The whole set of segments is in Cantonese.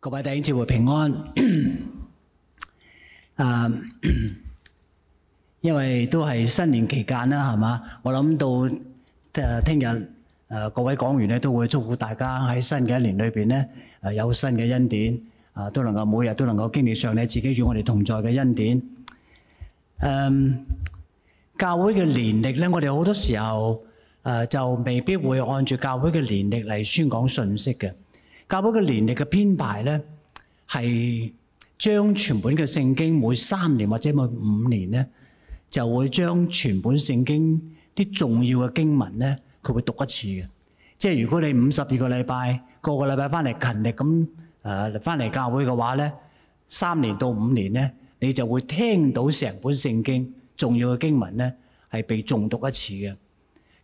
各位弟兄姊妹平安。啊， 因為都係新年期間啦，係嘛？我諗到誒，聽、呃、日各位講員都會祝福大家喺新嘅一年裏面咧、呃，有新嘅恩典，啊、呃、都能夠每日都能夠經歷上你自己與我哋同在嘅恩典。嗯、呃，教會嘅年曆呢，我哋好多時候、呃、就未必會按住教會嘅年曆嚟宣講信息嘅。教會嘅年曆嘅編排咧，係將全本嘅聖經每三年或者每五年咧，就會將全本聖經啲重要嘅經文咧，佢會讀一次嘅。即係如果你五十二個禮拜，個個禮拜翻嚟勤力咁誒翻嚟教會嘅話咧，三年到五年咧，你就會聽到成本聖經重要嘅經文咧，係被重讀一次嘅。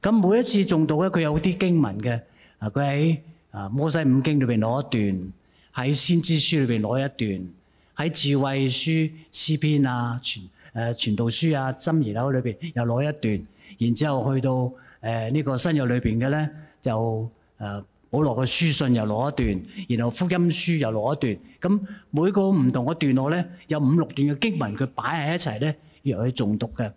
咁每一次重讀咧，佢有啲經文嘅啊，佢喺。啊！摩西五經裏邊攞一段，喺先知書裏邊攞一段，喺智慧書詩篇啊、傳誒傳道書啊、箴言裏邊又攞一段，然之後去到誒呢、呃這個新約裏邊嘅咧，就誒、呃、保羅嘅書信又攞一段，然後福音書又攞一段。咁、嗯、每個唔同嘅段落咧，有五六段嘅經文，佢擺喺一齊咧，讓佢重讀嘅。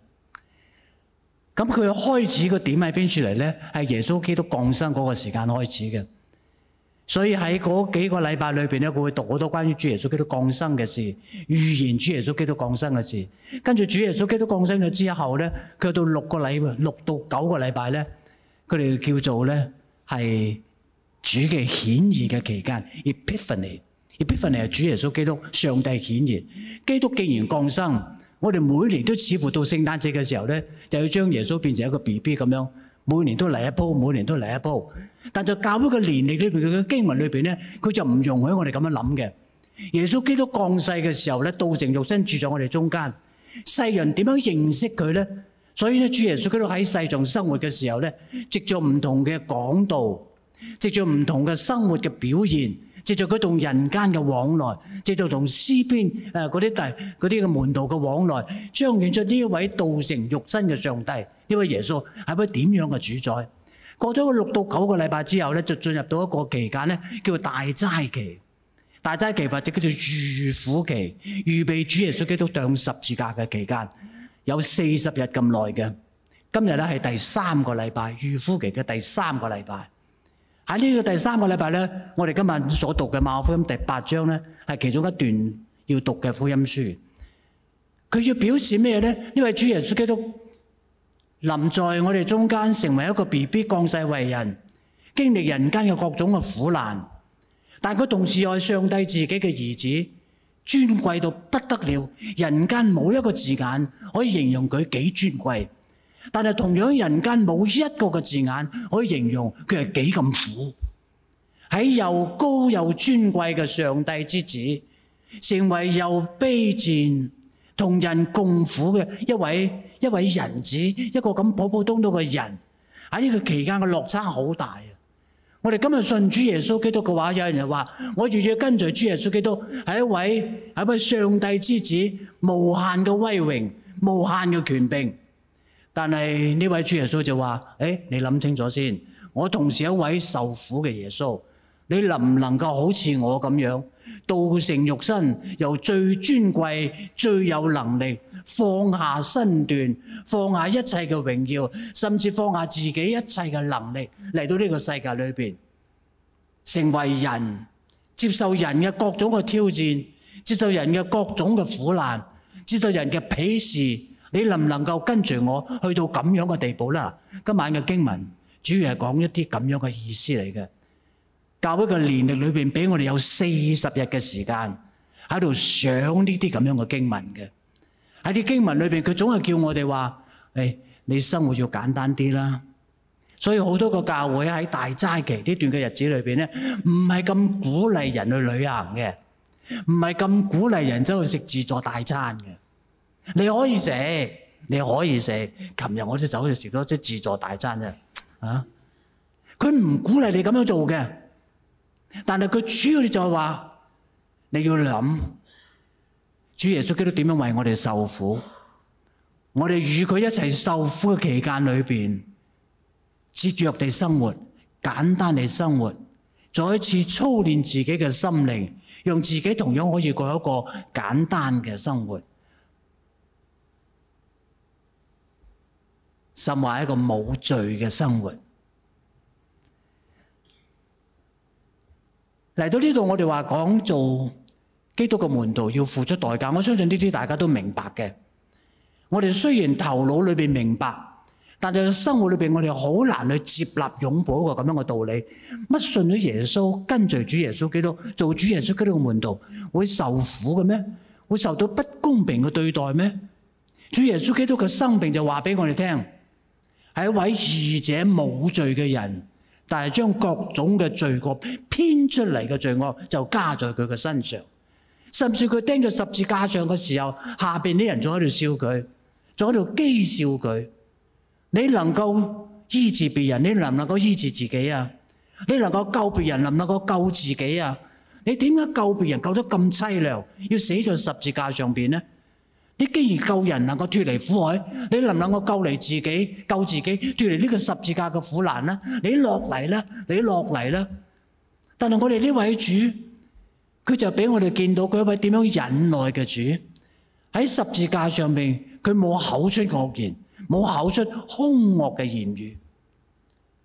咁佢開始嘅點喺邊處嚟咧？係耶穌基督降生嗰個時間開始嘅。所以喺嗰幾個禮拜裏邊咧，佢會讀好多關於主耶穌基督降生嘅事，預言主耶穌基督降生嘅事。跟住主耶穌基督降生咗之後咧，佢到六個禮，六到九個禮拜咧，佢哋叫做咧係主嘅顯現嘅期間，Epiphany。Epiphany 係主耶穌基督上帝顯現。基督既然降生，我哋每年都似乎到聖誕節嘅時候咧，就要將耶穌變成一個 BB 咁樣。每年都嚟一波，每年都嚟一波。但在教會嘅年歷裏邊，佢嘅經文裏邊咧，佢就唔容許我哋咁樣諗嘅。耶穌基督降世嘅時候咧，道成肉身住在我哋中間。世人點樣認識佢咧？所以咧，主耶穌基督喺世上生活嘅時候咧，藉著唔同嘅講道，藉著唔同嘅生活嘅表現。藉著佢同人間嘅往來，藉著同詩篇誒嗰啲大、嗰啲嘅門徒嘅往來，彰顯出呢一位道成肉身嘅上帝，呢位耶穌係一位點樣嘅主宰？過咗六到九個禮拜之後咧，就進入到一個期間咧，叫大齋期、大齋期或者叫做預苦期，預備主耶穌基督釘十字架嘅期間，有四十日咁耐嘅。今日咧，係第三個禮拜，預苦期嘅第三個禮拜。喺呢個第三個禮拜咧，我哋今日所讀嘅馬可福音第八章咧，係其中一段要讀嘅福音書。佢要表示咩咧？呢位主耶穌基督臨在我哋中間，成為一個 B B 降世為人，經歷人間嘅各種嘅苦難，但佢同時係上帝自己嘅兒子，尊貴到不得了，人間冇一個字眼可以形容佢幾尊貴。但係同樣人間冇一個嘅字眼可以形容佢係幾咁苦，喺又高又尊貴嘅上帝之子，成為又卑賤同人共苦嘅一位一位人子，一個咁普普通通嘅人喺呢個期間嘅落差好大啊！我哋今日信主耶穌基督嘅話，有人就話，我願意跟隨主耶穌基督係一位係一位上帝之子，無限嘅威榮，無限嘅權柄。但係呢位主耶穌就話：誒，你諗清楚先，我同時一位受苦嘅耶穌，你能唔能夠好似我咁樣，道成肉身，由最尊貴、最有能力，放下身段，放下一切嘅榮耀，甚至放下自己一切嘅能力嚟到呢個世界裏邊，成為人，接受人嘅各種嘅挑戰，接受人嘅各種嘅苦難，接受人嘅鄙視。你能唔能夠跟住我去到咁樣嘅地步啦？今晚嘅經文主要係講一啲咁樣嘅意思嚟嘅。教會嘅年歷裏面俾我哋有四十日嘅時間喺度想呢啲咁樣嘅經文嘅。喺啲經文裏面，佢總係叫我哋話，哎，你生活要簡單啲啦。所以好多個教會喺大齋期呢段嘅日子裏面咧，唔係咁鼓勵人去旅行嘅，唔係咁鼓勵人走去食自助大餐嘅。你可以食，你可以食。琴日我都走去食多啲自助大餐啫。啊，佢唔鼓勵你咁樣做嘅，但係佢主要就係話你要諗，主耶穌基督點樣為我哋受苦，我哋與佢一齊受苦嘅期間裏面，節約地生活，簡單地生活，再一次操練自己嘅心靈，讓自己同樣可以過一個簡單嘅生活。甚或係一個冇罪嘅生活。嚟到呢度，我哋話講做基督嘅門徒要付出代價。我相信呢啲大家都明白嘅。我哋雖然頭腦裏邊明白，但係生活裏邊我哋好難去接納、擁抱一個咁樣嘅道理。乜信咗耶穌、跟隨主耶穌基督、做主耶穌基督嘅門徒會受苦嘅咩？會受到不公平嘅對待咩？主耶穌基督嘅生命就話俾我哋聽。係一位義者冇罪嘅人，但係將各種嘅罪過編出嚟嘅罪惡就加在佢嘅身上，甚至佢釘咗十字架上嘅時候，下邊啲人仲喺度笑佢，仲喺度譏笑佢。你能夠醫治別人，你能唔能夠醫治自己啊？你能夠救別人，能唔能夠救自己啊？你點解救別人救得咁凄涼，要死在十字架上邊呢？你既然救人能夠脱離苦海，你能唔能夠救嚟自己，救自己脱離呢個十字架嘅苦難咧？你落嚟啦，你落嚟啦。但係我哋呢位主，佢就俾我哋見到佢一位點樣忍耐嘅主。喺十字架上面，佢冇口出惡言，冇口出凶惡嘅言語，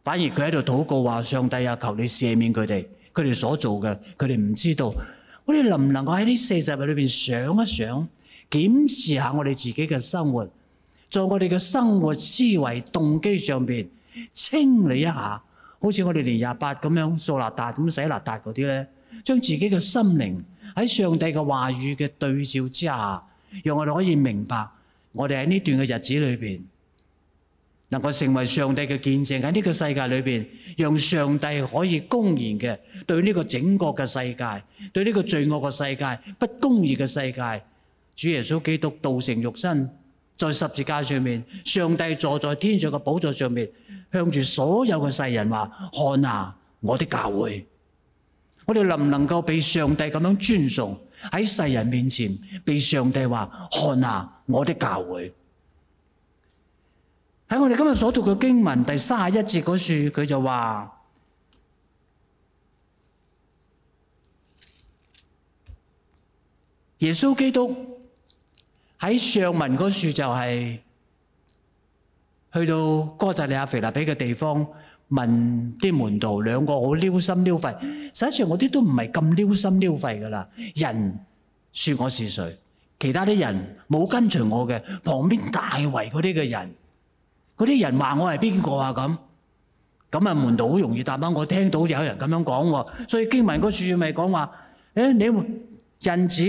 反而佢喺度禱告話：上帝啊，求你赦免佢哋，佢哋所做嘅，佢哋唔知道。我哋能唔能夠喺呢四十日裏邊想一想？檢視下我哋自己嘅生活，在我哋嘅生活思維動機上邊清理一下，好似我哋年廿八咁樣掃邋遢、咁洗邋遢嗰啲咧，將自己嘅心靈喺上帝嘅話語嘅對照之下，讓我哋可以明白，我哋喺呢段嘅日子裏邊，能夠成為上帝嘅見證喺呢個世界裏邊，讓上帝可以公然嘅對呢個整個嘅世界，對呢個罪惡嘅世界、不公義嘅世界。主耶穌基督道成肉身，在十字架上面，上帝坐在天上嘅寶座上面，向住所有嘅世人話：看啊，我啲教會！我哋能唔能夠被上帝咁樣尊崇喺世人面前，被上帝話：看啊，我啲教會！喺我哋今日所讀嘅經文第三十一節嗰處，佢就話：耶穌基督。喺上文嗰處就係去到哥薩利亞腓立比嘅地方問啲門徒，兩個好溜心溜肺。實際上我啲都唔係咁溜心溜肺㗎喇。人説我是誰？其他啲人冇跟隨我嘅、旁邊大圍嗰啲嘅人，嗰啲人話我係邊個啊？咁咁啊，門徒好容易答返我聽到有人咁樣講喎。所以經文嗰處咪講話，誒你會？人子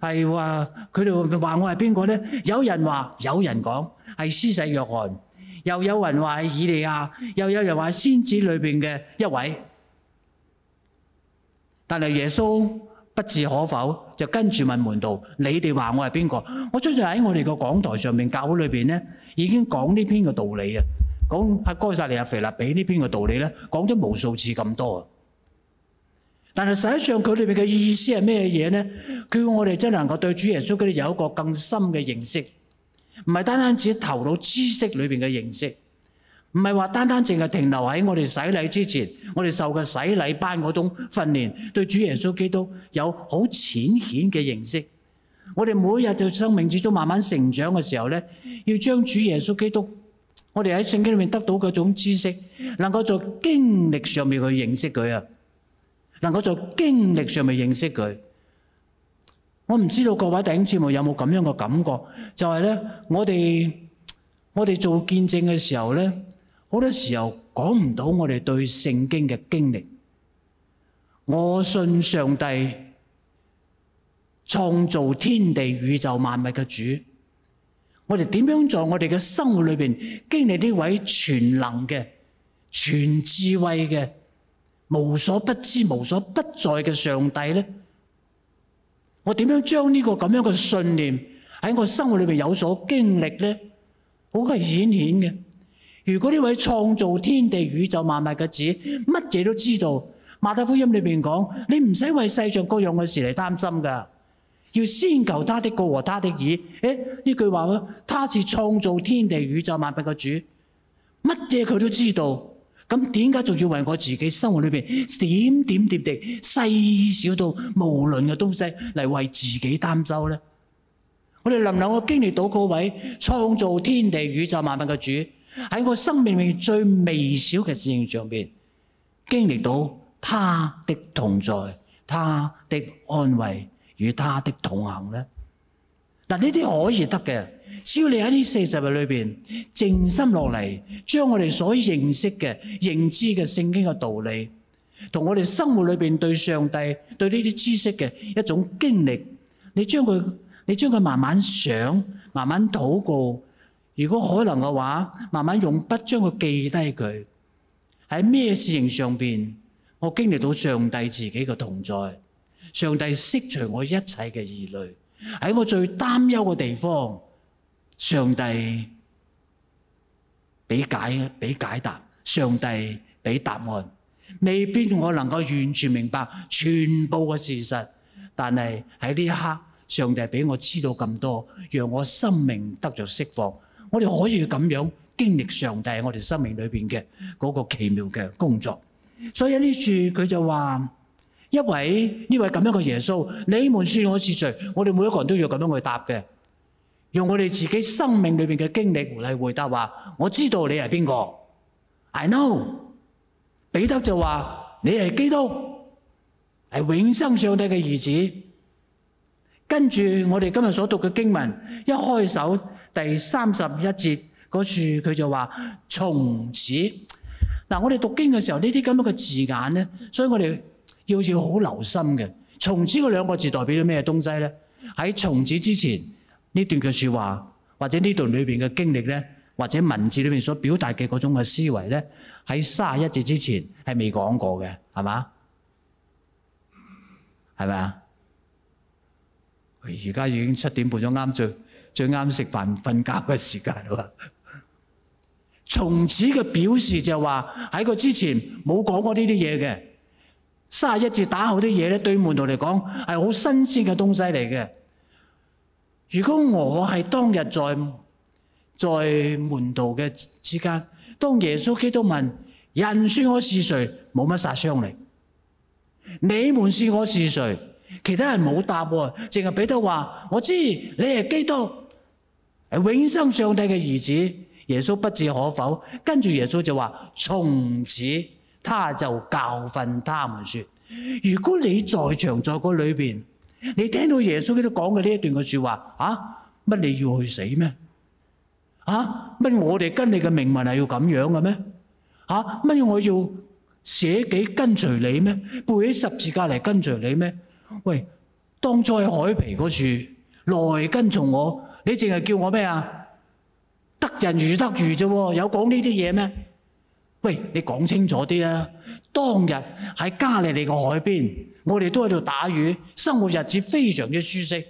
係話佢哋話我係邊個咧？有人話，有人講係施洗約翰，又有人話係以利亞，又有人話先知裏邊嘅一位。但係耶穌不置可否，就跟住問門徒：你哋話我係邊個？我最近喺我哋個講台上面教會裏邊咧，已經講呢篇嘅道理啊！講阿，該撒利亞腓立比呢篇嘅道理咧，講咗無數次咁多。但係實際上佢裏邊嘅意思係咩嘢咧？佢叫我哋真能夠對主耶穌基督有一個更深嘅認識，唔係單單只係頭腦知識裏邊嘅認識，唔係話單單淨係停留喺我哋洗禮之前，我哋受嘅洗禮班嗰種訓練，對主耶穌基督有好淺顯嘅認識。我哋每日嘅生命之中慢慢成長嘅時候咧，要將主耶穌基督，我哋喺聖經裏面得到嗰種知識，能夠在經歷上面去認識佢啊！能夠在經歷上面認識佢，我唔知道各位弟兄節目有冇咁樣嘅感覺，就係、是、呢，我哋我哋做見證嘅時候呢，好多時候講唔到我哋對聖經嘅經歷。我信上帝創造天地宇宙萬物嘅主，我哋點樣在我哋嘅生活裏面經歷呢位全能嘅、全智慧嘅？無所不知、無所不在嘅上帝咧，我點樣將呢、這個咁樣嘅信念喺我生活裏邊有所經歷咧？好係顯顯嘅。如果呢位創造天地宇宙萬物嘅主，乜嘢都知道，馬太福音裏邊講，你唔使為世上各樣嘅事嚟擔心噶要先求他的國和他的義。誒、哎、呢句話咯，他是創造天地宇宙萬物嘅主，乜嘢佢都知道。咁點解仲要為我自己生活裏面點點滴滴、細小到無論嘅東西嚟為自己擔憂呢？我哋能唔能夠經歷到嗰位創造天地宇宙萬物嘅主喺我生命裏邊最微小嘅事情上面，經歷到他的同在、他的安慰與他的同行呢？嗱，呢啲可以得嘅。只要你喺呢四十日裏邊靜心落嚟，將我哋所認識嘅、認知嘅聖經嘅道理，同我哋生活裏邊對上帝、對呢啲知識嘅一種經歷，你將佢，你將佢慢慢想，慢慢禱告。如果可能嘅話，慢慢用筆將佢記低佢。喺咩事情上邊，我經歷到上帝自己嘅同在，上帝釋除我一切嘅疑慮。喺我最擔憂嘅地方。上帝俾解嘅俾解答，上帝俾答案，未必我能夠完全明白全部嘅事實，但係喺呢一刻，上帝俾我知道咁多，讓我生命得咗釋放。我哋可以咁樣經歷上帝我哋生命裏面嘅嗰個奇妙嘅工作。所以呢處佢就話：一位呢位咁樣嘅耶穌，你們說我是誰？我哋每一個人都要咁樣去答嘅。用我哋自己生命裏面嘅經歷嚟回答話，我知道你係邊個，I know。彼得就話你係基督，係永生上帝嘅兒子。跟住我哋今日所讀嘅經文，一開首第三十一節嗰處，佢就話從此。嗱，我哋讀經嘅時候呢啲咁樣嘅字眼呢，所以我哋要要好留心嘅。從此嗰兩個字代表咗咩東西呢？喺從此之前。呢段嘅説話，或者呢段裏邊嘅經歷咧，或者文字裏邊所表達嘅嗰種嘅思維咧，喺卅一節之前係未講過嘅，係嘛？係咪啊？而家已經七點半咗，啱最最啱食飯瞓覺嘅時間啦。從 此嘅表示就係話，喺佢之前冇講過呢啲嘢嘅。卅一節打後啲嘢咧，對門徒嚟講係好新鮮嘅東西嚟嘅。如果我係當日在在門徒嘅之間，當耶穌基督問人算我是誰，冇乜殺傷力。你們算我是誰？其他人冇答喎、啊，淨係彼得話：我知你係基督，係永生上帝嘅兒子。耶穌不置可否，跟住耶穌就話：從此他就教訓他們說：如果你在場在嗰裏面。你聽到耶穌基督講嘅呢一段嘅說話啊？乜你要去死咩？啊？乜我哋跟你嘅命運係要咁樣嘅咩？嚇、啊？乜我要捨己跟隨你咩？背起十字架嚟跟隨你咩？喂！當初喺海皮嗰處來跟從我，你淨係叫我咩啊？得人如得魚啫喎，有講呢啲嘢咩？喂，你講清楚啲啊！當日喺加利利個海邊，我哋都喺度打魚，生活日子非常之舒適。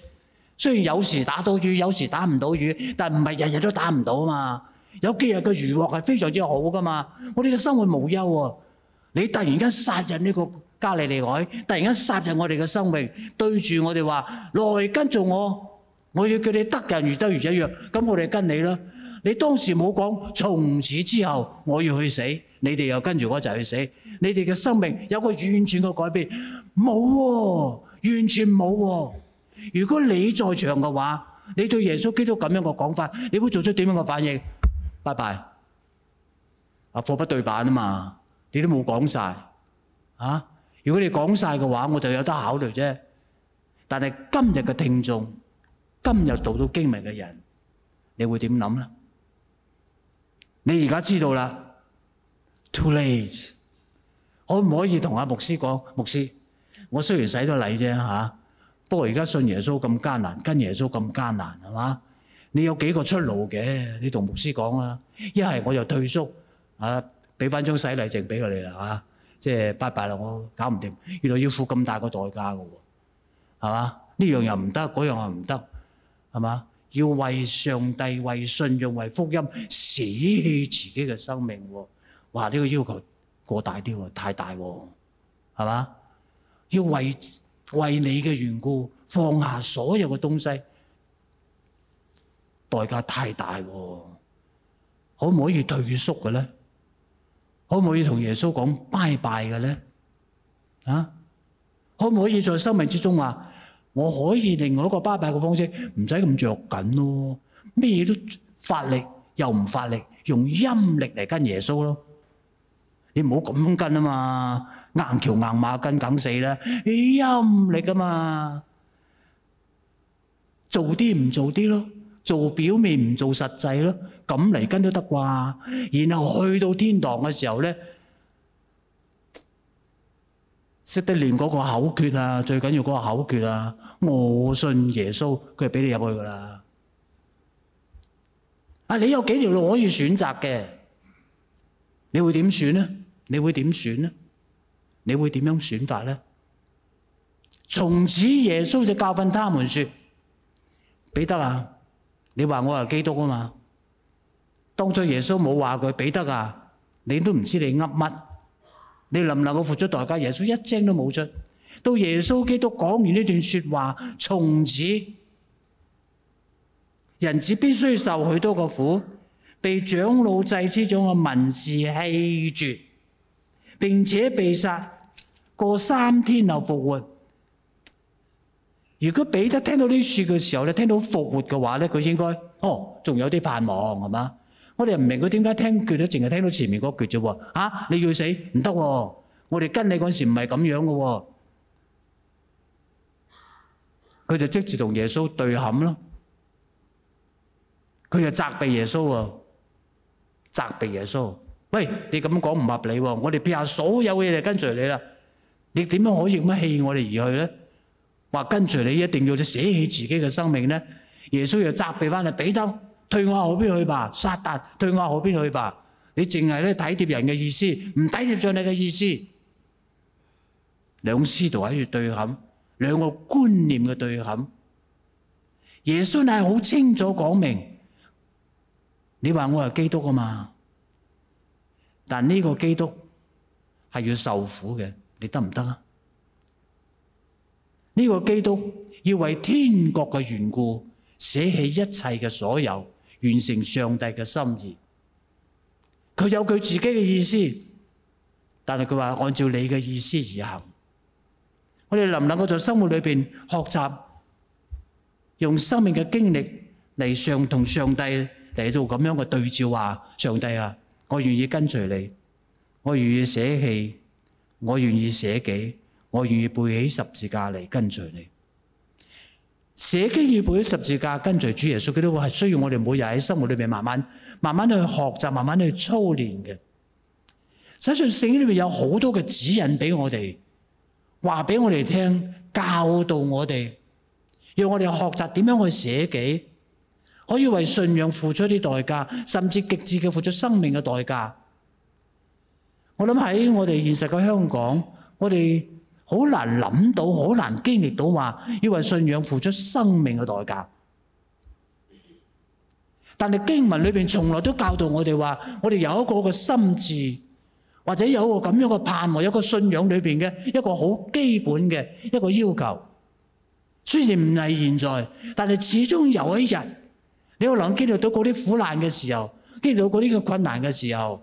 雖然有時打到魚，有時打唔到魚，但唔係日日都打唔到啊嘛。有幾日嘅漁獲係非常之好㗎嘛。我哋嘅生活無憂啊！你突然間殺入呢個加利利海，突然間殺入我哋嘅生命，對住我哋話來跟住我，我要叫你得人如得魚一樣，咁我哋跟你啦。你當時冇講，從此之後我要去死，你哋又跟住我一齊去死，你哋嘅生命有個完全嘅改變，冇喎，完全冇喎。如果你在場嘅話，你對耶穌基督咁樣嘅講法，你會做出點樣嘅反應？拜拜，啊，貨不對板啊嘛，你都冇講晒啊！如果你講晒嘅話，我就有得考慮啫。但係今日嘅聽眾，今日讀到經文嘅人，你會點諗咧？你而家知道啦，too late。可唔可以同阿牧師講，牧師，我雖然洗咗禮啫嚇、啊，不過而家信耶穌咁艱難，跟耶穌咁艱難係嘛？你有幾個出路嘅？你同牧師講啦，一係我就退縮，啊，俾翻張洗禮證俾佢哋啦嚇，即係拜拜啦，我搞唔掂，原來要付咁大個代價嘅喎，係嘛？呢樣又唔得，嗰樣又唔得，係嘛？要為上帝，為信仰，為福音捨棄自己嘅生命，話呢個要求過大啲，太大了，係嘛？要為，為你嘅緣故放下所有嘅東西，代價太大了，可唔可以退縮嘅咧？可唔可以同耶穌講拜拜嘅咧？啊，可唔可以在生命之中話？我可以另外一個巴閉嘅方式，唔使咁著緊咯。咩嘢都發力又唔發力，用陰力嚟跟耶穌咯。你唔好咁跟啊嘛，硬橋硬馬跟梗死啦。陰力㗎嘛，做啲唔做啲咯，做表面唔做實際咯，咁嚟跟都得啩。然後去到天堂嘅時候咧。識得念嗰個口訣啊，最緊要嗰個口訣啊，我信耶穌，佢係俾你入去噶啦。啊，你有幾條路可以選擇嘅，你會點選呢？你會點選呢？你會點樣選法呢？從此耶穌就教訓他們說：彼得啊，你話我係基督啊嘛？當初耶穌冇話佢，彼得啊，你都唔知你噏乜。你能唔能夠付出代價？耶穌一聲都冇出。到耶穌基督講完呢段説話，從此人子必須受許多個苦，被長老祭司長嘅文士棄絕，並且被殺。過三天後復活。如果彼得聽到呢啲說嘅時候咧，聽到復活嘅話咧，佢應該哦，仲有啲盼望，係嘛？我哋唔明佢點解聽句都淨係聽到前面嗰句啫喎、啊？你要死唔得喎！我哋跟你嗰時唔係咁樣噶喎、啊，佢就即時同耶穌對冚咯，佢就責備耶穌喎、啊，責備耶穌。喂，你咁講唔合理喎、啊！我哋撇下所有嘢，就跟隨你啦，你點樣可以咁棄我哋而去咧？話跟隨你一定要你捨棄自己嘅生命咧？耶穌又責備翻阿彼得。退我後邊去吧！撒旦，退我後邊去吧！你淨係咧體貼人嘅意思，唔體貼咗你嘅意思。兩師徒喺度對冚，兩個觀念嘅對冚。耶穌係好清楚講明，你話我係基督啊嘛，但呢個基督係要受苦嘅，你得唔得啊？呢個基督要為天國嘅緣故捨棄一切嘅所有。完成上帝嘅心意，佢有佢自己嘅意思，但係佢話按照你嘅意思而行。我哋能唔能夠在生活裏邊學習，用生命嘅經歷嚟上同上帝嚟到咁樣嘅對照，話上帝啊，我願意跟隨你，我願意捨棄，我願意捨己，我願意背起十字架嚟跟隨你。捨己要背十字架，跟隨主耶穌，佢都話係需要我哋每日喺生活裏面慢慢、慢慢去學習，慢慢去操練嘅。實際上聖經裏面有好多嘅指引俾我哋，話俾我哋聽，教導我哋，要我哋學習點樣去捨己，可以為信仰付出一啲代價，甚至極致嘅付出生命嘅代價。我諗喺我哋現實嘅香港，我哋。好難諗到，好難經歷到話要為信仰付出生命嘅代價。但係經文裏邊從來都教導我哋話，我哋有一個個心智，或者有一個咁樣嘅盼望，有一個信仰裏邊嘅一個好基本嘅一個要求。雖然唔係現在，但係始終有一日，你可能經歷到嗰啲苦難嘅時候，經歷到嗰啲嘅困難嘅時候。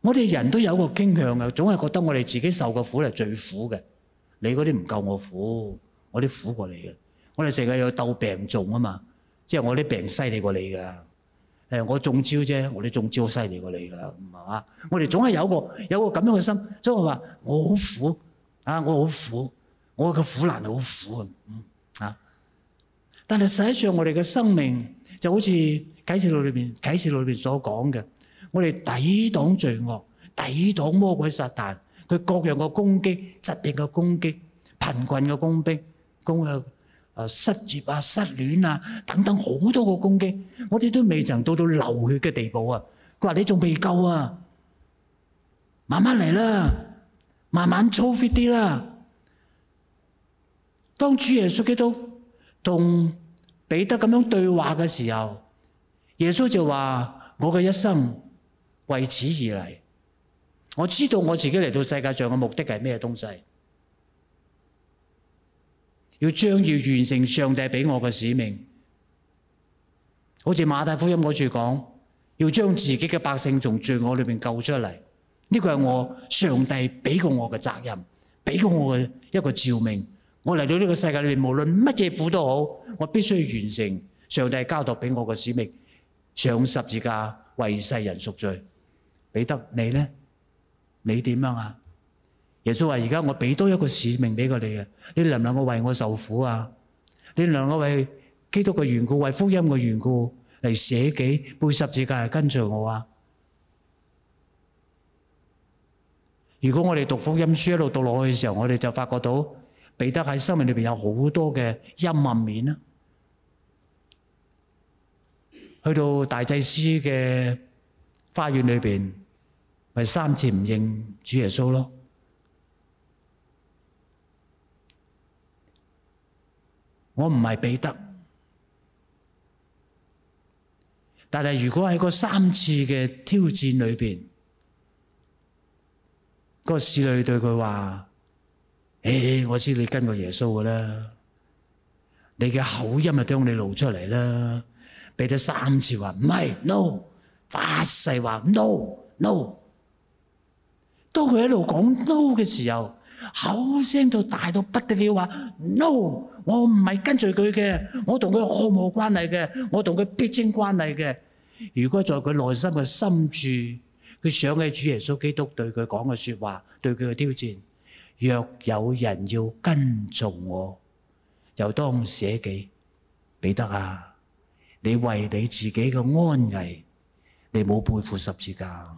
我哋人都有個傾向嘅，總係覺得我哋自己受嘅苦係最苦嘅。你嗰啲唔夠我苦，我啲苦過你嘅。我哋成日又鬥病重啊嘛，即係我啲病犀利過你嘅。誒，我中招啫，我啲中招犀利過你嘅，係嘛？我哋總係有個有個咁樣嘅心，所以我話我好苦啊，我好苦，我嘅苦，苦難好苦啊。啊、嗯，但係實際上我哋嘅生命就好似啟示錄裏邊啟示錄裏邊所講嘅。我哋抵擋罪惡，抵擋魔鬼撒但佢各樣嘅攻擊、疾病嘅攻擊、貧困嘅攻擊、工啊啊失業啊、失戀啊等等好多個攻擊，我哋都未曾到到流血嘅地步啊！佢話你仲未夠啊，慢慢嚟啦，慢慢操 fit 啲啦。當主耶穌基督同彼得咁樣對話嘅時候，耶穌就話：我嘅一生。為此而嚟，我知道我自己嚟到世界上嘅目的係咩東西，要將要完成上帝俾我嘅使命，好似馬太福音嗰處講，要將自己嘅百姓從罪惡裏面救出嚟，呢個係我上帝俾過我嘅責任，俾過我嘅一個召命。我嚟到呢個世界裏面，無論乜嘢苦都好，我必須完成上帝交代俾我嘅使命，上十字架為世人贖罪。彼得，你咧？你點樣啊？耶穌話：而家我俾多一個使命俾佢哋啊！你能唔能夠？為我受苦啊？你能夠為基督嘅緣故，為福音嘅緣故嚟捨己背十字架嚟跟隨我啊！如果我哋讀福音書一路讀落去嘅時候，我哋就發覺到彼得喺生命裏邊有好多嘅陰暗面啦。去到大祭司嘅花園裏邊。咪三次唔認主耶穌咯，我唔係彼得，但係如果喺嗰三次嘅挑戰裏邊，嗰個侍女對佢話，誒，我知你跟過耶穌噶啦，你嘅口音啊將你露出嚟啦。彼得三次話唔係，no，發誓話 no，no。No, no, 當佢喺度講 no 嘅時候，口聲都大到不得了，話 no，我唔係跟隨佢嘅，我同佢毫無關係嘅，我同佢必爭關係嘅。如果在佢內心嘅深處，佢想起主耶穌基督對佢講嘅説話，對佢嘅挑戰。若有人要跟從我，就當捨己。彼得啊，你為你自己嘅安危，你冇背負十字架。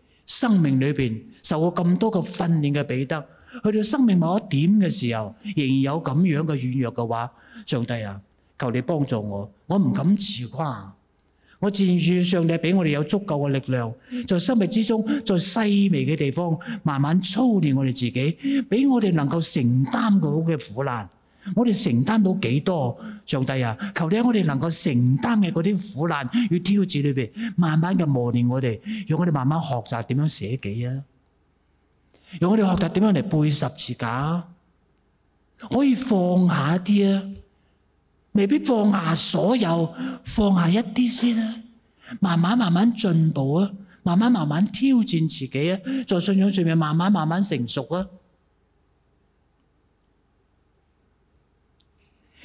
生命裏邊受過咁多個訓練嘅彼得，去到生命某一點嘅時候，仍然有咁樣嘅軟弱嘅話，上帝啊，求你幫助我，我唔敢自誇，我自然願上帝俾我哋有足夠嘅力量，在生命之中，在細微嘅地方慢慢操練我哋自己，俾我哋能夠承擔到嘅苦難。我哋承擔到幾多，上帝啊！求你我哋能夠承擔嘅嗰啲苦難與挑戰裏面，慢慢嘅磨練我哋，讓我哋慢慢學習點樣捨己啊！讓我哋學習點樣嚟背十字架，可以放下一啲啊！未必放下所有，放下一啲先啊！慢慢慢慢進步啊！慢慢慢慢挑戰自己啊！在信仰上面慢慢慢慢成熟啊！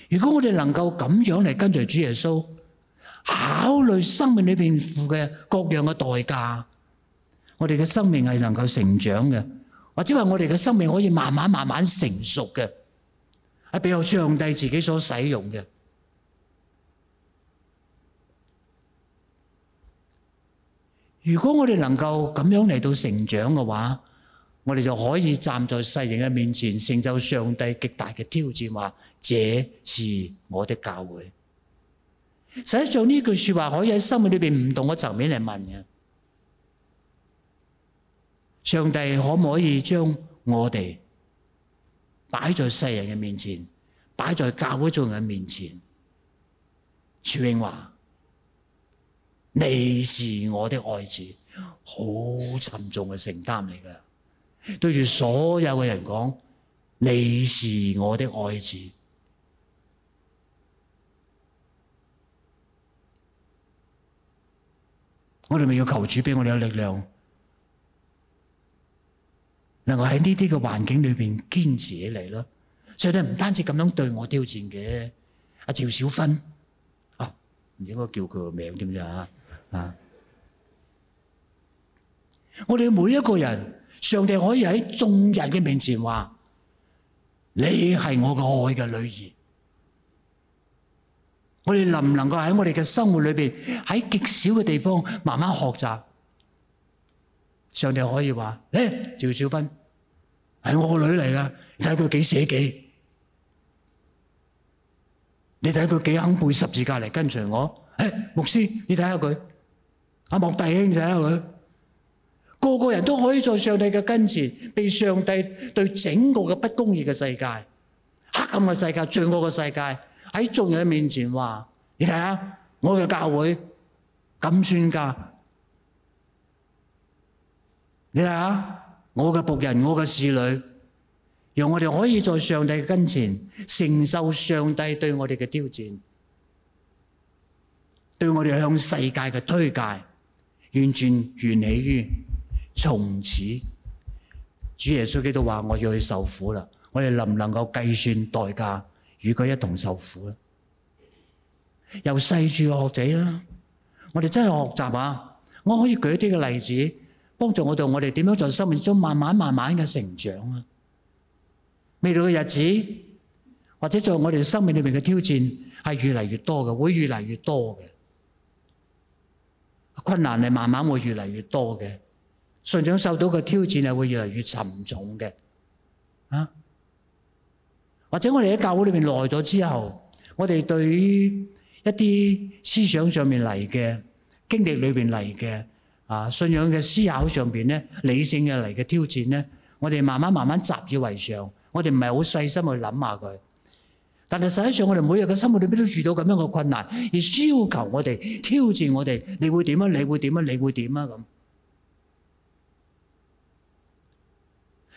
如果我哋能夠咁樣嚟跟隨主耶穌，考慮生命裏面付嘅各樣嘅代價，我哋嘅生命係能夠成長嘅，或者話我哋嘅生命可以慢慢慢慢成熟嘅，係俾由上帝自己所使用嘅。如果我哋能夠咁樣嚟到成長嘅話，我哋就可以站在世人嘅面前，成就上帝極大嘅挑戰話這是我的教會。實際上呢句說話可以喺心裏面唔同嘅層面嚟問嘅。上帝可唔可以將我哋擺在世人嘅面前，擺在教會眾人嘅面前？褚永華，你是我的愛子，好沉重嘅承擔嚟㗎。對住所有嘅人講，你是我的愛子。我哋咪要求主俾我哋有力量，能夠喺呢啲嘅環境裏面堅持起嚟咯。所以唔單止咁樣對我挑戰嘅，阿趙小芬，啊，唔應該叫佢個名點啫、啊、我哋每一個人，上帝可以喺眾人嘅面前話：你係我嘅愛嘅女兒。我哋能唔能夠喺我哋嘅生活裏邊，喺極少嘅地方慢慢學習，上帝可以話：誒，趙小芬係我個女嚟㗎，你睇佢幾捨己，你睇佢幾肯背十字架嚟跟住我。誒，牧師，你睇下佢，阿莫弟兄，你睇下佢，個個人都可以在上帝嘅跟前，被上帝對整個嘅不公義嘅世界、黑暗嘅世界、罪惡嘅世界。喺眾人面前話：你睇下我嘅教會咁算噶？你睇下我嘅僕人、我嘅侍女，讓我哋可以在上帝嘅跟前承受上帝對我哋嘅挑戰，對我哋向世界嘅推介，完全源起於從此。主耶穌基督話：我要去受苦啦，我哋能唔能夠計算代價？與佢一同受苦啦，由細住個學仔啦，我哋真係學習啊！我可以舉一啲嘅例子，幫助我哋。我哋點樣在生命中慢慢慢慢嘅成長啊！未來嘅日子，或者在我哋生命裏面嘅挑戰係越嚟越多嘅，會越嚟越多嘅困難，係慢慢會越嚟越多嘅，成長受到嘅挑戰係會越嚟越沉重嘅，啊！或者我哋喺教會裏邊耐咗之後，我哋對於一啲思想上面嚟嘅經歷裏邊嚟嘅啊信仰嘅思考上邊咧理性嘅嚟嘅挑戰咧，我哋慢慢慢慢習以為常，我哋唔係好細心去諗下佢。但係實際上我哋每日嘅生活裏邊都遇到咁樣嘅困難，而要求我哋挑戰我哋，你會點啊？你會點啊？你會點啊？咁、啊。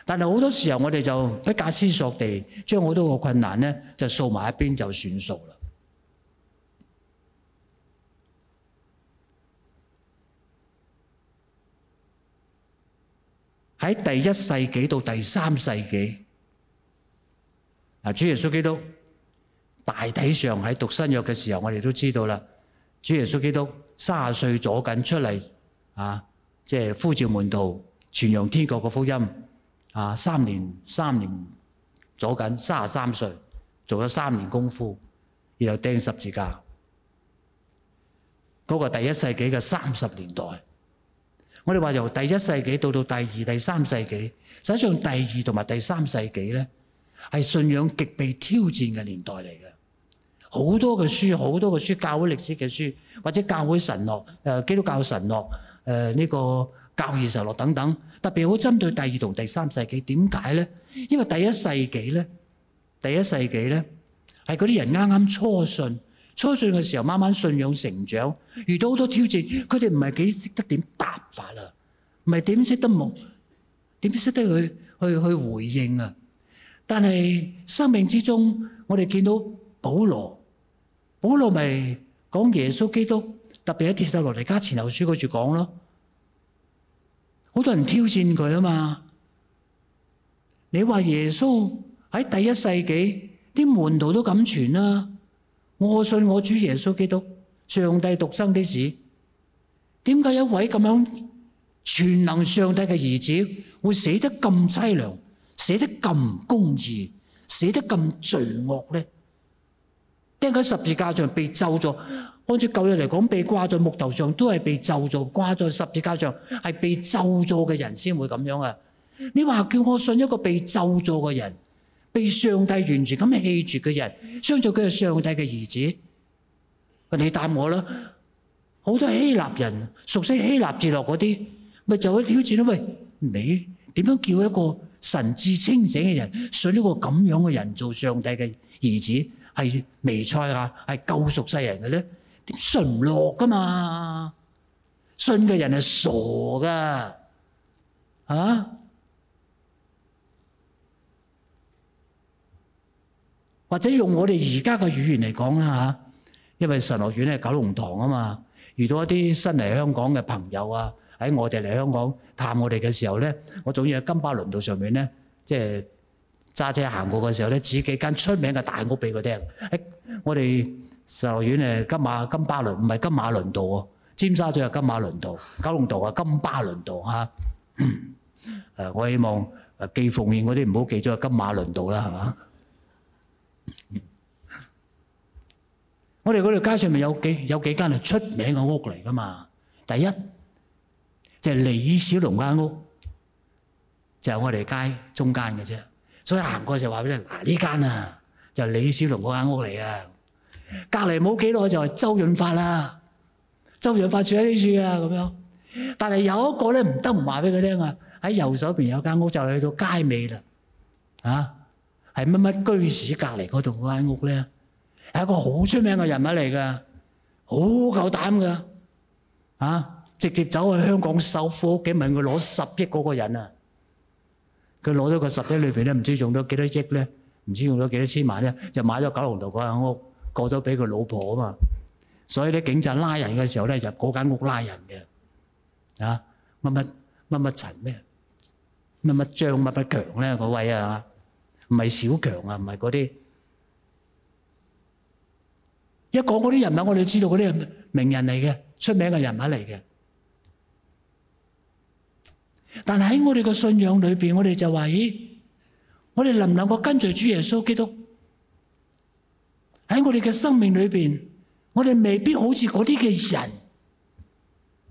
但係好多時候，我哋就不假思索地將好多個困難咧，就掃埋一邊，就算數啦。喺第一世紀到第三世紀，啊，主耶穌基督大體上喺讀新約嘅時候，我哋都知道啦。主耶穌基督三十歲左右出嚟啊，即係呼召門徒，傳揚天國嘅福音。啊！三年三年做緊，三十三歲做咗三年功夫，然後釘十字架。嗰、那個第一世紀嘅三十年代，我哋話由第一世紀到到第二、第三世紀，實際上第二同埋第三世紀咧，係信仰極被挑戰嘅年代嚟嘅。好多嘅書，好多嘅書，教會歷史嘅書，或者教會神學，誒、呃、基督教神學，誒、呃、呢、這個教義神學等等。特別好針對第二同第三世紀，點解咧？因為第一世紀咧，第一世紀咧，係嗰啲人啱啱初信，初信嘅時候，慢慢信仰成長，遇到好多挑戰，佢哋唔係幾識得點答法啊，唔係點識得冇，點識得去去去回應啊！但係生命之中，我哋見到保羅，保羅咪講耶穌基督，特別喺《帖撒羅尼迦前後書》嗰處講咯。好多人挑戰佢啊嘛！你話耶穌喺第一世紀啲門徒都咁傳啦，我信我主耶穌基督，上帝獨生的子。點解有位咁樣全能上帝嘅兒子，會死得咁淒涼，死得咁公義，死得咁罪惡咧？點解喺十字架上被咒咗。按照舊約嚟講，被掛在木頭上都係被咒詛，掛在十字架上係被咒詛嘅人先會咁樣啊！你話叫我信一個被咒詛嘅人，被上帝完全咁棄絕嘅人，相信佢係上帝嘅兒子，你答我啦！好多希臘人熟悉希臘哲學嗰啲，咪就會挑戰咯。喂，你點樣叫一個神智清醒嘅人，信一個咁樣嘅人做上帝嘅兒子，係彌賽亞，啊，係救贖世人嘅咧？信唔落噶嘛？信嘅人係傻噶，啊？或者用我哋而家嘅語言嚟講啦嚇，因為神樂院咧係九龍塘啊嘛，遇到一啲新嚟香港嘅朋友啊，喺我哋嚟香港探我哋嘅時候咧，我總要喺金巴倫道上面咧，即係揸車行過嘅時候咧，指幾間出名嘅大屋俾佢聽喺我哋。石澳苑金馬金巴倫唔係金馬倫道喎、啊，尖沙咀係金馬倫道，九龍道啊金巴倫道嚇。誒、啊 啊，我希望寄奉獻嗰啲唔好寄咗金馬倫道啦，係嘛？我哋嗰條街上面有幾有幾間係出名嘅屋嚟㗎嘛？第一就係、李小龍間屋，就係、我哋街中間嘅啫，所以行過就話俾你嗱，呢間啊，就係、李小龍嗰間屋嚟啊！隔離冇幾耐就係周潤發啦。周潤發住喺呢處啊，咁樣。但係有一個咧唔得唔話俾佢聽啊，喺右手邊有間屋就係去到街尾啦。啊，係乜乜居士隔離嗰度嗰間屋咧，係一個好出名嘅人物嚟噶，好夠膽噶。啊，直接走去香港首富屋企問佢攞十億嗰個人啊。佢攞咗個十億裏邊咧，唔知用咗幾多億咧，唔知用咗幾多千萬咧，就買咗九龍道嗰間屋。過咗俾佢老婆啊嘛，所以咧，警察拉人嘅時候咧，就嗰間屋拉人嘅，啊乜乜乜乜陳咩？乜乜張乜乜強咧嗰位啊，唔係小強啊，唔係嗰啲一講嗰啲人物，我哋知道嗰啲係名人嚟嘅，出名嘅人物嚟嘅。但係喺我哋嘅信仰裏邊，我哋就話咦，我哋能唔能夠跟隨主耶穌基督？喺我哋嘅生命裏邊，我哋未必好似嗰啲嘅人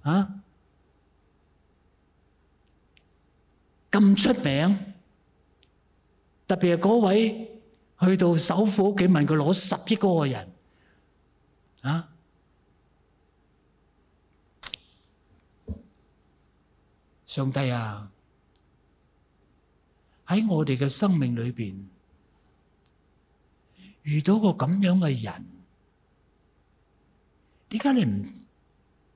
啊咁出名，特別係嗰位去到首富屋企問佢攞十億嗰個人啊，上帝啊！喺我哋嘅生命裏邊。遇到個咁樣嘅人，點解你唔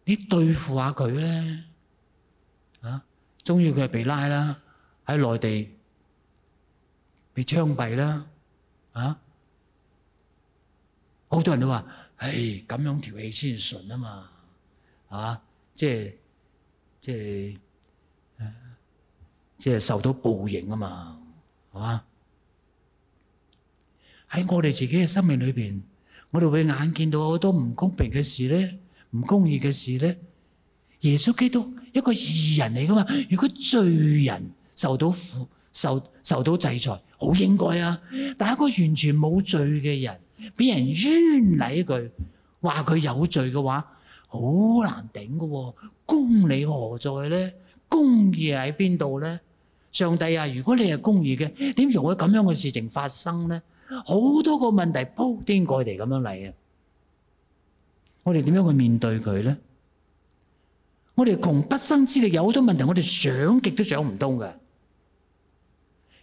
你對付下佢咧？啊，終於佢係被拉啦，喺內地被槍斃啦，啊！好多人都話，唉、哎，咁樣條氣先順啊嘛，啊，即係即係、啊、即係受到報應啊嘛，係嘛？喺我哋自己嘅生命裏邊，我哋會眼見到好多唔公平嘅事咧，唔公義嘅事咧。耶穌基督一個義人嚟噶嘛。如果罪人受到受受到制裁，好應該啊。但係一個完全冇罪嘅人，俾人冤枉佢，話佢有罪嘅話，好難頂噶啊。公理何在咧？公義喺邊度咧？上帝啊！如果你係公義嘅，點容許咁樣嘅事情發生咧？好多個問題鋪天蓋地咁樣嚟啊！我哋點樣去面對佢咧？我哋窮畢生之力，有好多問題，我哋想極都想唔通嘅。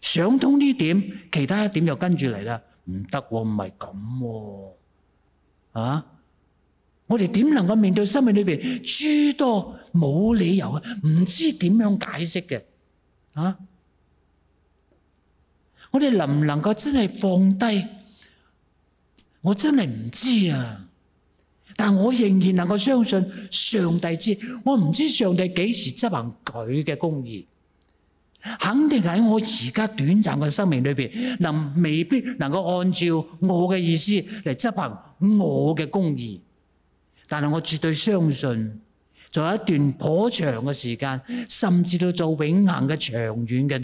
想通呢點，其他一點又跟住嚟啦，唔得喎，唔係咁喎，啊！我哋點能夠面對生命裏邊諸多冇理由嘅、唔知點樣解釋嘅啊？我哋能唔能夠真係放低？我真係唔知啊！但我仍然能夠相信上帝知。我唔知上帝幾時執行佢嘅公義，肯定喺我而家短暫嘅生命裏邊，能未必能夠按照我嘅意思嚟執行我嘅公義。但係我絕對相信，仲有一段頗長嘅時間，甚至到做永恆嘅長遠嘅。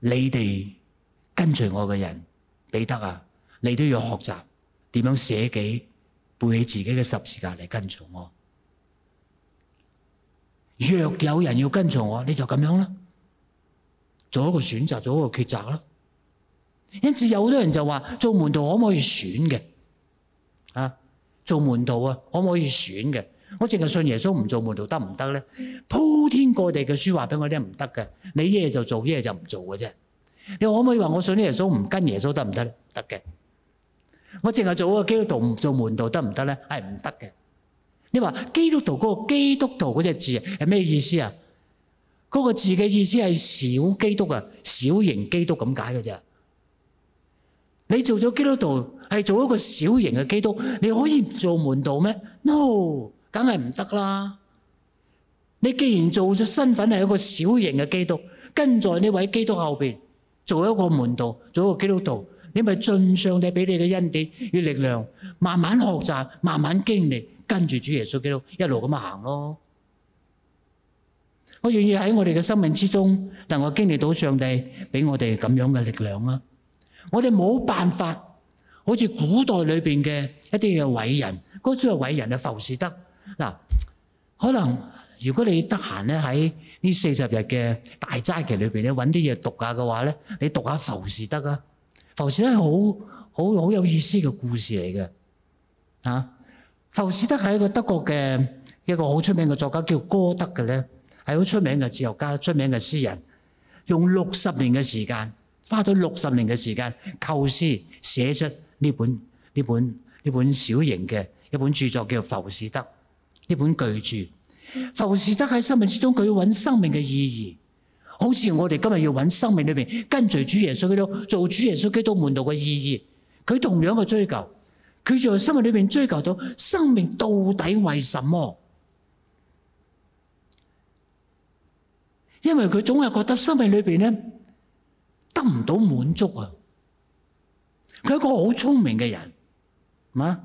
你哋跟隨我嘅人，彼得啊，你都要學習點樣捨己背起自己嘅十字架嚟跟從我。若有人要跟從我，你就咁樣啦，做一個選擇，做一個抉擇啦。因此有好多人就話做門徒可唔可以選嘅？嚇、啊，做門徒啊，可唔可以選嘅？我淨係信耶穌唔做門徒得唔得咧？鋪天蓋地嘅書話俾我聽唔得嘅，你一嘢就做一嘢就唔做嘅啫。你可唔可以話我信呢耶穌唔跟耶穌得唔得咧？得嘅。我淨係做個基督徒唔做門徒得唔得咧？係唔得嘅。你話基督徒嗰個基督徒嗰隻字係咩意思啊？嗰個字嘅意思係小基督啊，小型基督咁解嘅啫。你做咗基督徒係做一個小型嘅基督，你可以唔做門徒咩？No。梗係唔得啦！你既然做咗身份係一個小型嘅基督，跟在呢位基督後邊做一個門徒，做一個基督徒，你咪盡上帝俾你嘅恩典與力量，慢慢學習，慢慢經歷，跟住主耶穌基督一路咁行咯！我願意喺我哋嘅生命之中，能夠經歷到上帝俾我哋咁樣嘅力量啊！我哋冇辦法，好似古代裏邊嘅一啲嘅偉人，嗰啲所謂偉人啊，浮士德。可能如果你得閒咧，喺呢四十日嘅大齋期裏邊咧，揾啲嘢讀下嘅話咧，你讀下浮士德啊，浮士德係好好好有意思嘅故事嚟嘅，啊，浮士德係一個德國嘅一個好出名嘅作家，叫歌德嘅咧，係好出名嘅哲學家、出名嘅詩人，用六十年嘅時間，花咗六十年嘅時間構思寫出呢本呢本呢本小型嘅一本著作叫浮士德。呢本巨著，浮士德喺生命之中，佢要揾生命嘅意義，好似我哋今日要揾生命裏邊跟隨主耶穌基督、做主耶穌基督門徒嘅意義，佢同樣嘅追求，佢就喺生命裏邊追求到生命到底為什麼？因為佢總係覺得生命裏邊咧得唔到滿足啊！佢係一個好聰明嘅人嘛。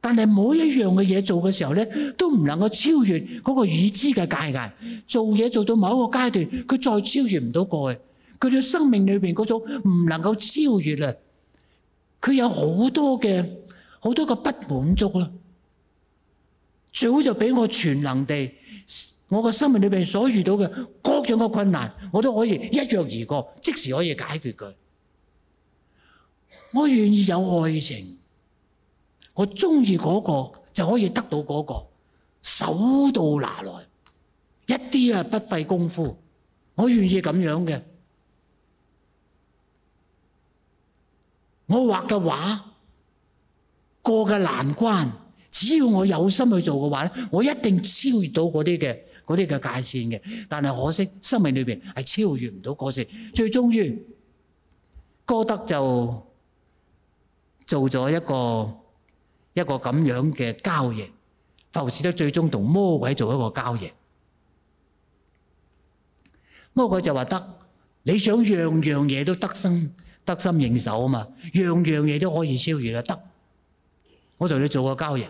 但係每一樣嘅嘢做嘅時候咧，都唔能夠超越嗰個已知嘅界限。做嘢做到某一個階段，佢再超越唔到過去。佢嘅生命裏邊嗰種唔能夠超越啊，佢有好多嘅好多嘅不滿足咯。最好就俾我全能地，我嘅生命裏邊所遇到嘅各樣嘅困難，我都可以一躍而過，即時可以解決佢。我願意有愛情。我鍾意嗰個就可以得到嗰個，手到拿來，一啲啊不費功夫。我願意咁樣嘅，我畫嘅畫過嘅難關，只要我有心去做嘅話咧，我一定超越到嗰啲嘅嗰啲嘅界線嘅。但係可惜生命裏邊係超越唔到界線，最終於歌德就做咗一個，一個咁樣嘅交易，浮士德最終同魔鬼做一個交易。魔鬼就話得，你想樣樣嘢都得心得心應手啊嘛，樣樣嘢都可以超越啊得。我同你做個交易，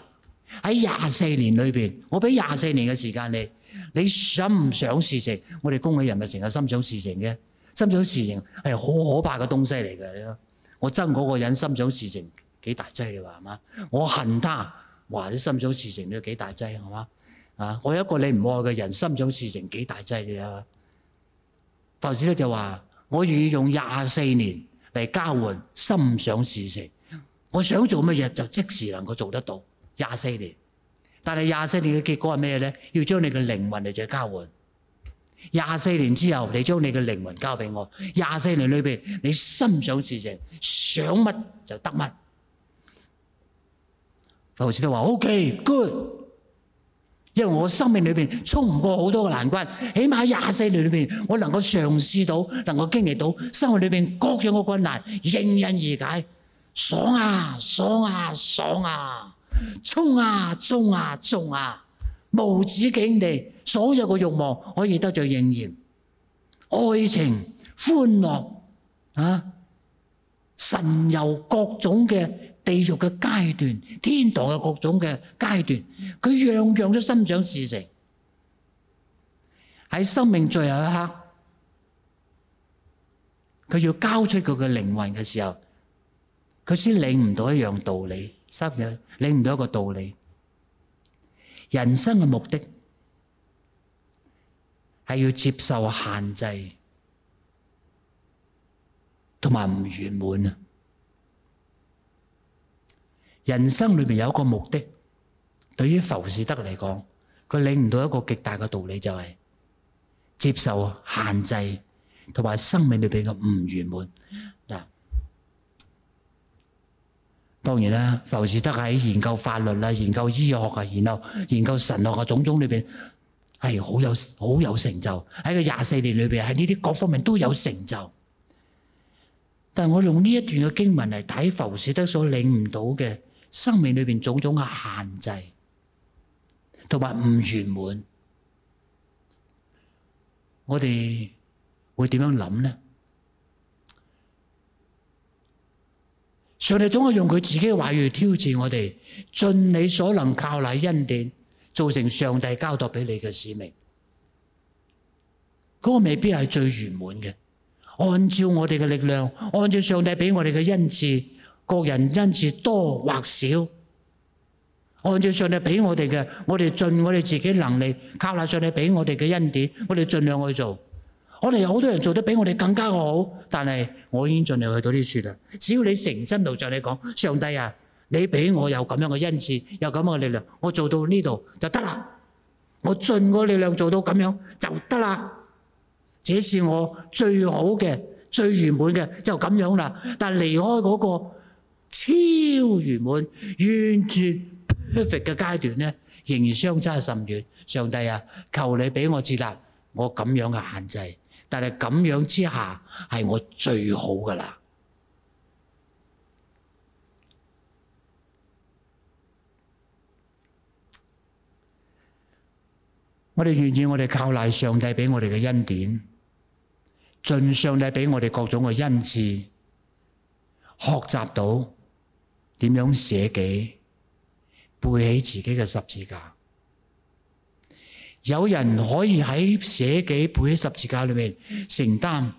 喺廿四年裏邊，我俾廿四年嘅時間你，你想唔想事情？我哋公理人咪成日心想事情嘅，心想事情係好可怕嘅東西嚟嘅。我憎嗰個人心想事情。幾大劑你話係嘛？我恨他，話你心想事成都有幾大劑係嘛？啊！我有一個你唔愛嘅人，心想事成幾大劑㗎啦！浮士德咧就話：我願意用廿四年嚟交換心想事成，我想做乜嘢就即時能夠做得到。廿四年，但係廿四年嘅結果係咩咧？要將你嘅靈魂嚟再交換。廿四年之後，你將你嘅靈魂交俾我。廿四年裏邊，你心想事成，想乜就得乜。頭先都話：OK，good、OK。因為我生命裏邊衝唔過好多個難關，起碼廿四年裏邊，我能夠嘗試到，能夠經歷到生活裏邊各種嘅困難迎刃而解，爽啊爽啊爽啊，衝啊衝啊衝啊，無止境地所有嘅慾望可以得到應驗，愛情、歡樂啊，神遊各種嘅。地獄嘅階段，天堂嘅各種嘅階段，佢樣樣都心想事成。喺生命最後一刻，佢要交出佢嘅靈魂嘅時候，佢先領唔到一樣道理，心領唔到一個道理。人生嘅目的係要接受限制，同埋唔圓滿。人生裏邊有一個目的，對於浮士德嚟講，佢領唔到一個極大嘅道理，就係接受限制同埋生命裏邊嘅唔圓滿。嗱，當然啦，浮士德喺研究法律啦、研究醫學啊、研究，然後研究神學嘅種種裏邊，係好有好有成就。喺個廿四年裏邊，喺呢啲各方面都有成就。但係我用呢一段嘅經文嚟睇浮士德所領唔到嘅。生命裏邊種種嘅限制，同埋唔圓滿，我哋會點樣諗呢？上帝總係用佢自己嘅話語挑戰我哋，盡你所能靠賴恩典，做成上帝交代俾你嘅使命。嗰個未必係最圓滿嘅，按照我哋嘅力量，按照上帝俾我哋嘅恩賜。個人恩賜多或少，按照上帝俾我哋嘅，我哋盡我哋自己能力，靠賴上帝俾我哋嘅恩典，我哋盡量去做。我哋有好多人做得比我哋更加好，但係我已經盡量去到呢處啦。只要你誠心同上帝講：上帝啊，你俾我有咁樣嘅恩賜，有咁樣嘅力量，我做到呢度就得啦。我盡個力量做到咁樣就得啦。這是我最好嘅、最完滿嘅，就咁樣啦。但係離開嗰個超完滿、完全 perfect 嘅階段呢，仍然相差甚遠。上帝啊，求你俾我設立我咁樣嘅限制，但係咁樣之下係我最好㗎喇。我哋願意我哋靠賴上帝俾我哋嘅恩典，盡上帝俾我哋各種嘅恩賜，學習到。點樣捨己背起自己嘅十字架？有人可以喺捨己背起十字架裏面承擔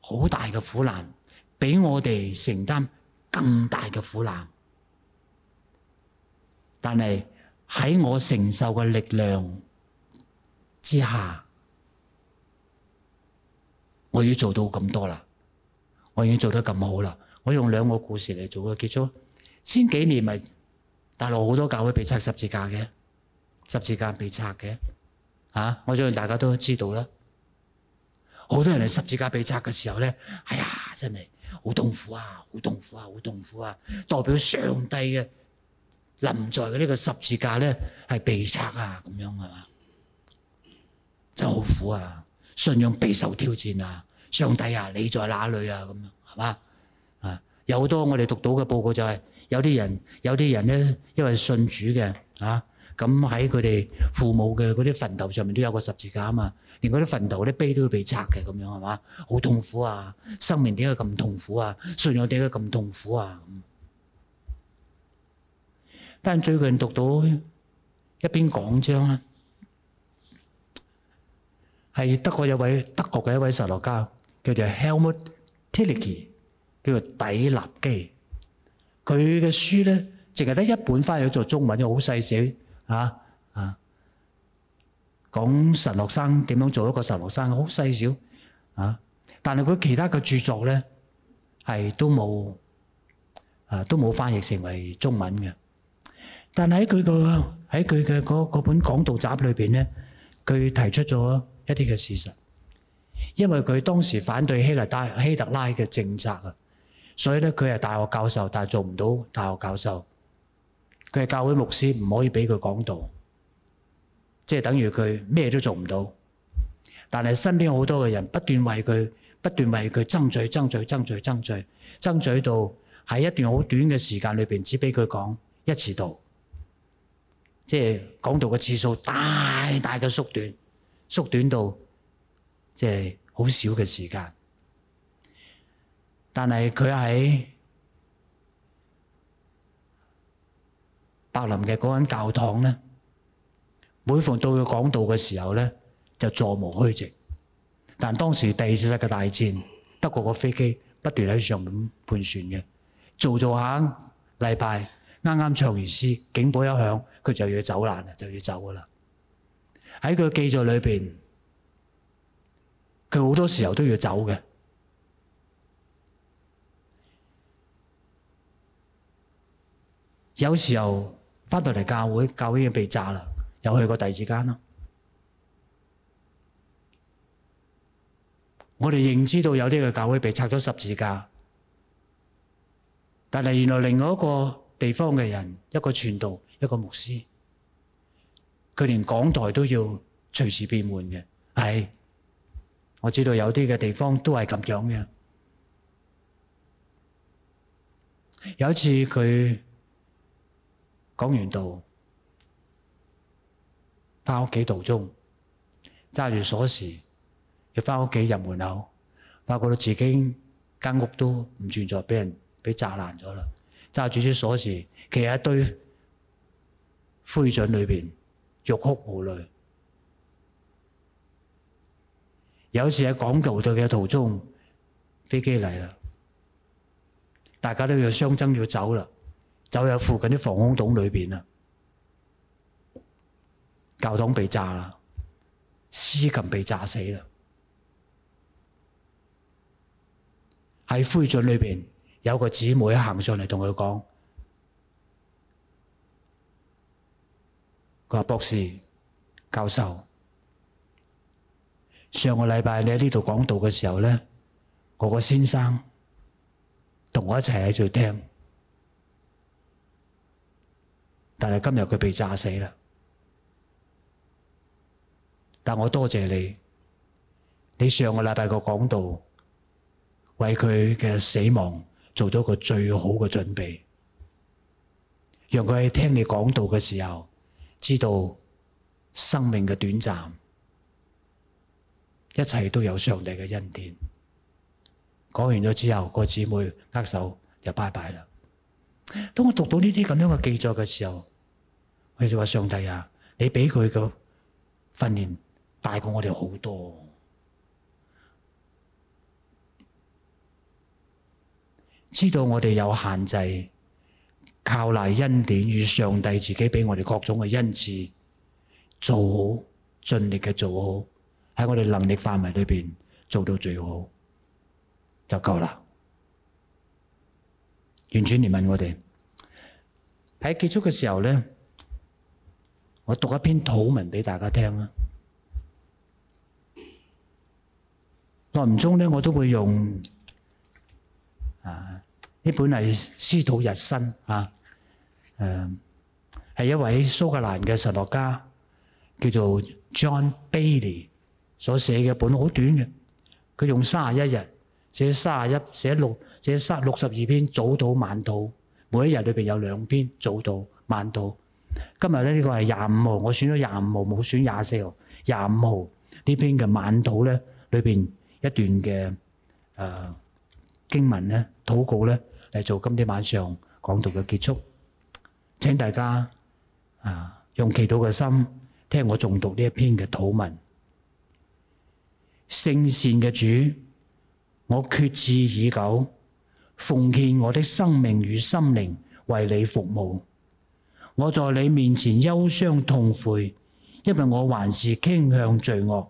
好大嘅苦難，俾我哋承擔更大嘅苦難。但係喺我承受嘅力量之下，我已經做到咁多啦，我已經做得咁好啦。我用兩個故事嚟做個結束。千幾年咪大陸好多教會被拆十字架嘅，十字架被拆嘅嚇，我相信大家都知道啦。好多人係十字架被拆嘅時候咧，哎呀真係好痛苦啊，好痛苦啊，好痛苦啊！代表上帝嘅臨在嘅呢個十字架咧係被拆啊，咁樣係嘛？真係好苦啊！信仰備受挑戰啊！上帝啊，你在哪裏啊？咁樣係嘛？啊，有好多我哋讀到嘅報告就係。有啲人，有啲人咧，因為信主嘅，啊，咁喺佢哋父母嘅嗰啲墳頭上面都有個十字架啊嘛，連嗰啲墳頭啲碑都會被拆嘅，咁樣係嘛？好痛苦啊，生命點解咁痛苦啊？信仰點解咁痛苦啊？但最近讀到一篇講章啦，係德國有位德國嘅一位神學家，叫做 Helmut Tillich，叫做蒂立基。佢嘅書咧，淨係得一本翻譯咗做中文，好細小嚇啊！講神學生，點樣做一個神學生，好細小啊！但係佢其他嘅著作咧，係都冇啊，都冇翻譯成為中文嘅。但係喺佢個喺佢嘅嗰嗰本講道集裏邊咧，佢提出咗一啲嘅事實，因為佢當時反對希拉戴希特拉嘅政策啊。所以咧，佢係大學教授，但係做唔到大學教授。佢係教會牧師，唔可以俾佢講道，即係等於佢咩都做唔到。但係身邊好多嘅人不斷為佢、不斷為佢爭取、爭取、爭取、爭取、爭取到喺一段好短嘅時間裏邊，只俾佢講一次道，即係講道嘅次數大大嘅縮短，縮短到即係好少嘅時間。但係佢喺柏林嘅嗰間教堂咧，每逢到佢講道嘅時候咧，就座無虛席。但當時第二次世界大戰，德國個飛機不斷喺上面盤旋嘅，做做下禮拜，啱啱唱完詩，警報一響，佢就要走難啦，就要走噶啦。喺佢記載裏邊，佢好多時候都要走嘅。有時候返到嚟教會，教會已經被炸啦，又去過第二間咯。我哋認知道有啲嘅教會被拆咗十字架，但係原來另外一個地方嘅人，一個傳道，一個牧師，佢連講台都要隨時變換嘅。係，我知道有啲嘅地方都係咁樣嘅。有一次佢講完道，翻屋企途中揸住鎖匙，要翻屋企入門口，發覺到自己間屋都唔存在，俾人俾炸爛咗啦！揸住啲鎖匙，企喺一堆灰燼裏邊，欲哭無淚。有一次喺講道隊嘅途中，飛機嚟啦，大家都要相爭要走啦。走入附近啲防空洞裏邊啦，教堂被炸啦，司琴被炸死啦。喺灰燼裏邊有個姊妹行上嚟同佢講：佢話博士教授，上個禮拜你喺呢度講道嘅時候咧，我個先生同我一齊喺度聽。但係今日佢被炸死啦！但我多謝你，你上個禮拜個講道，為佢嘅死亡做咗個最好嘅準備，讓佢喺聽你講道嘅時候，知道生命嘅短暫，一切都有上帝嘅恩典。講完咗之後，個姊妹握手就拜拜啦。當我讀到呢啲咁樣嘅記載嘅時候，我就話上帝啊，你俾佢嘅訓練大過我哋好多，知道我哋有限制，靠賴恩典與上帝自己畀我哋各種嘅恩賜，做好盡力嘅做好，喺我哋能力範圍裏邊做到最好就夠啦。完全連問我哋喺結束嘅時候咧。我讀一篇禱文俾大家聽啊！耐唔中咧，我都會用啊，呢本係《私禱日新》啊，誒係一位蘇格蘭嘅神學家叫做 John Bailey 所寫嘅本，好短嘅。佢用三十一日寫三十一寫六寫三六十二篇早禱晚禱，每一日裏邊有兩篇早禱晚禱。今日呢、這個係廿五號，我選咗廿五號，冇選廿四號。廿五號篇呢篇嘅晚禱呢裏邊一段嘅誒、呃、經文呢，禱告呢嚟做今天晚上講道嘅結束，請大家啊、呃、用祈禱嘅心聽我誦讀呢一篇嘅禱文。聖善嘅主，我決志已久，奉獻我的生命與心靈為你服務。我在你面前憂傷痛悔，因為我還是傾向罪惡，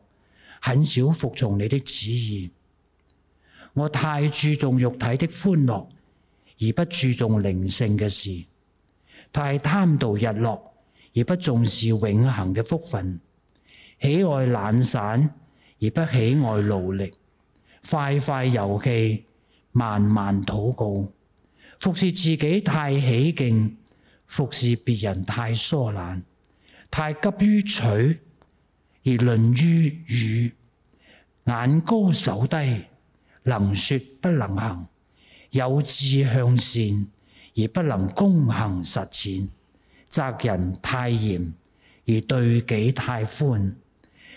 很少服從你的旨意。我太注重肉體的歡樂，而不注重靈性嘅事；太貪圖日落，而不重視永恆嘅福分；喜愛懶散，而不喜愛勞力；快快遊戲，慢慢禱告；服侍自己太起勁。服侍別人太疏懶，太急於取而吝於與，眼高手低，能説不能行，有志向善而不能躬行實踐，責人太嚴而對己太寬，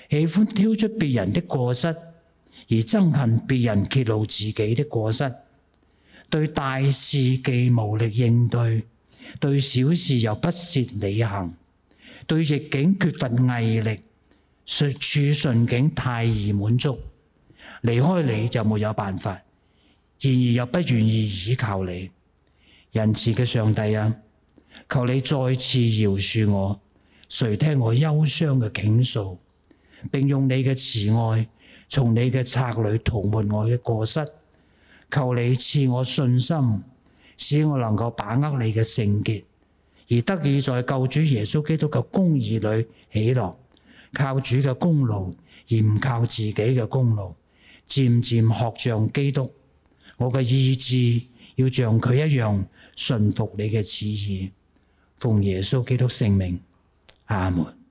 喜歡挑出別人的過失而憎恨別人揭露自己的過失，對大事既無力應對。對小事又不屑履行，對逆境缺乏毅力，隨處順境太易滿足，離開你就沒有辦法，然而又不願意倚靠你，仁慈嘅上帝啊，求你再次饒恕我，誰聽我憂傷嘅傾訴，並用你嘅慈愛，從你嘅策略塗抹我嘅過失，求你賜我信心。使我能夠把握你嘅聖潔，而得以在救主耶穌基督嘅公義裏起落。靠主嘅功勞而唔靠自己嘅功勞，漸漸學像基督，我嘅意志要像佢一樣信服你嘅旨意，奉耶穌基督聖名。阿門。